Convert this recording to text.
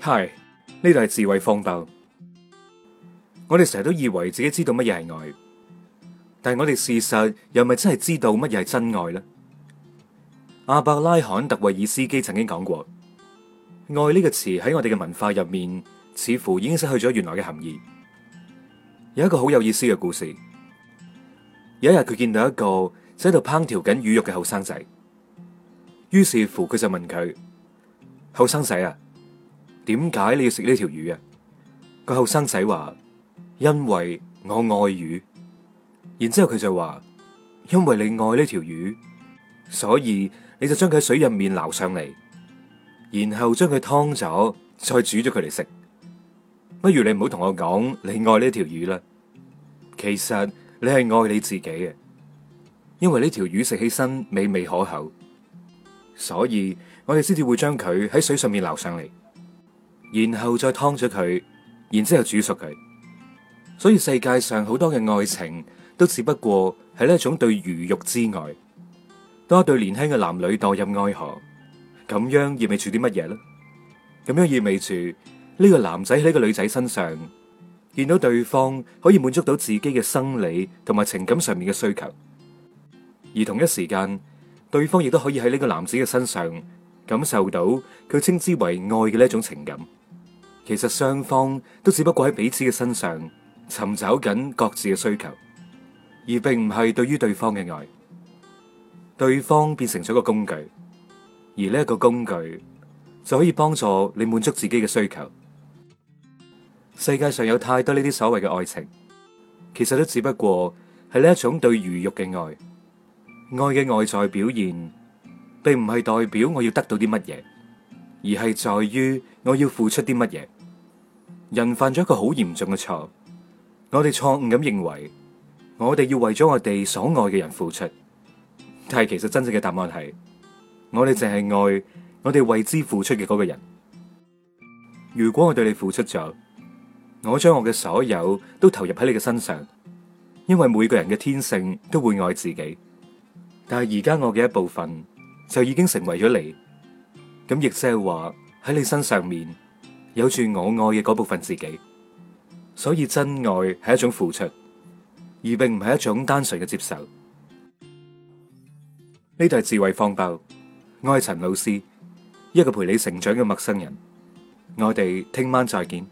係呢度係智慧方包。我哋成日都以為自己知道乜嘢係愛，但係我哋事實又咪真係知道乜嘢係真愛咧？阿伯拉罕特維爾斯基曾經講過，愛呢個詞喺我哋嘅文化入面，似乎已經失去咗原來嘅含義。有一個好有意思嘅故事，有一日佢見到一個喺度烹調緊魚肉嘅後生仔，於是乎佢就問佢後生仔啊。點解你要食呢條魚啊？個後生仔話，因為我愛魚。然之後佢就話，因為你愛呢條魚，所以你就將佢喺水入面撈上嚟，然後將佢湯咗，再煮咗佢嚟食。不如你唔好同我講你愛呢條魚啦，其實你係愛你自己嘅，因為呢條魚食起身美味可口，所以我哋先至會將佢喺水上面撈上嚟。然後再劏咗佢，然之後煮熟佢。所以世界上好多嘅愛情都只不過係一種對魚肉之外。當一對年輕嘅男女墮入愛河，咁樣意味住啲乜嘢咧？咁樣意味住呢、這個男仔喺個女仔身上見到對方可以滿足到自己嘅生理同埋情感上面嘅需求，而同一時間，對方亦都可以喺呢個男子嘅身上感受到佢稱之為愛嘅呢一種情感。其實雙方都只不過喺彼此嘅身上尋找緊各自嘅需求，而並唔係對於對方嘅愛，對方變成咗一個工具，而呢一個工具就可以幫助你滿足自己嘅需求。世界上有太多呢啲所謂嘅愛情，其實都只不過係呢一種對魚肉嘅愛，愛嘅外在表現，並唔係代表我要得到啲乜嘢。而係在於我要付出啲乜嘢？人犯咗一個好嚴重嘅錯，我哋錯誤咁認為，我哋要為咗我哋所愛嘅人付出，但係其實真正嘅答案係，我哋淨係愛我哋為之付出嘅嗰個人。如果我對你付出咗，我將我嘅所有都投入喺你嘅身上，因為每個人嘅天性都會愛自己，但係而家我嘅一部分就已經成為咗你。咁亦即係話，喺你身上面有住我愛嘅嗰部分自己，所以真愛係一種付出，而並唔係一種單純嘅接受。呢度係智慧方包，我係陳老師，一個陪你成長嘅陌生人。我哋聽晚再見。